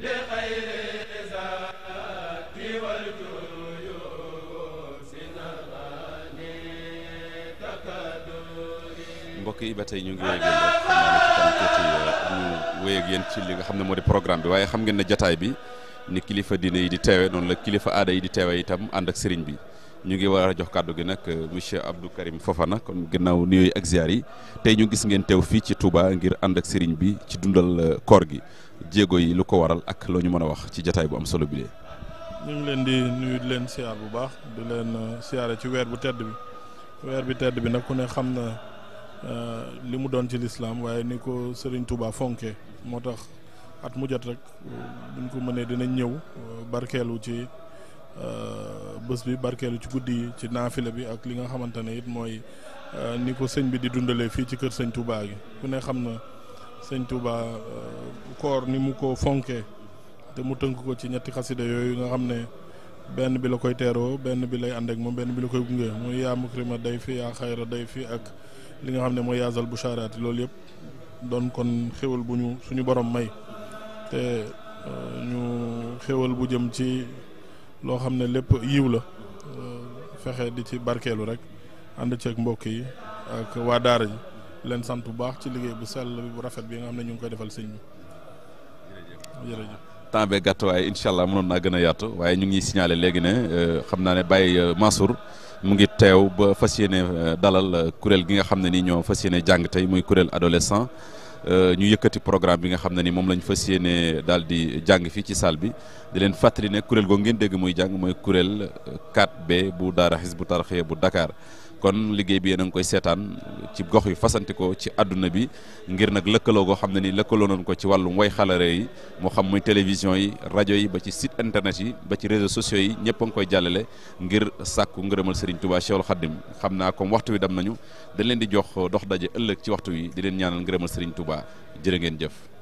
mbokk yi ba tey ñu ngi wéy euh, ñu wéy ak yéen ci li nga xam ne moo di programme bi waaye xam ngeen ne jataay bi ni kilifa diine yi di teewe noonu la kilifa aada yi di teewe itam ànd ak sëriñ bi ñu ngi war a jox kàddu gi nag euh, monsieur Abdou Karim na kon ginnaaw nuyooyu ak ziar yi tey ñu gis ngeen teew fii ci Touba ngir ànd ak sëriñ bi ci dundal euh, koor gi jéego yi lu ko waral ak loo ñu mën a wax ci jataay bu am solo bi ñu ngi leen di nuyu di leen siyaar bu baax di leen uh, siyaare ci weer bu tedd bi weer bi tedd bi nag ku ne xam na uh, li mu doon ci lislaam waaye ni ko Serigne Touba fonkee moo tax at mu jot rek uh, buñ ko mënee dinañ ñëw barkeelu ci bés bi barkeelu ci guddi ci naafile bi ak li nga xamante ne it mooy ni ko sëñ bi di dundalee fii ci kër sëñ Touba gi ku ne xam na sëñ Touba koor ni mu ko fonkee te mu tënk ko ci ñetti xasida yooyu nga xam ne benn bi la koy teeroo benn bi lay ànd ak moom benn bi la koy gunge mooy yaa mukrima day fi yaa xayra day fi ak li nga xam ne mooy yaasal bu charaati loolu yëpp doon kon xéwal bu ñu suñu borom may te euh, ñu xéwal bu jëm ci loo xam ne lépp yiw la euh, fexe di ci barkeelu rek ànd ceeg mbokk yi ak waa daara ji leen sant bu baax ci liggéey bu sell bu rafet bi nga xam ne ñu ngi koy defal sëñ temps bee gàtt waaye incha allah mënoon naa gën a yaatu waaye ñu ngi signalé léegi ne euh, xam naa ne Baye euh, Mansour mu ngi teew ba fas yéene euh, dalal kuréel gi nga xam ne ni ñoo fas yéene jàng tey muy kuréel adolescent ñu yëkkati programme bi nga xam ne ni moom lañ fas yéene dal di jàng fii ci salle bi di leen fàttali ne kuréel goo ngeen dégg muy jàng mooy kuréel 4B bu daara bu Tarqiyyah bu dakaar kon liggéey bi yéen a ngi koy seetaan ci gox yu fasante ci àdduna bi ngir nag lëkkaloo goo xam ne ni lëkkaloo nañ ko ci wàllum way xalare yi moo xam muy télévision yi rajo yi ba ci site internet yi ba ci réseaux sociaux yi ñëpp a ngi koy jàllale ngir sàkku ngërëmal Serigne Touba Cheikhul Khadim xam naa comme waxtu wi dem nañu dañ leen di jox dox daje ëllëg ci waxtu wi di leen ñaanal ngërëmal Serigne Touba jërë ngeen jëf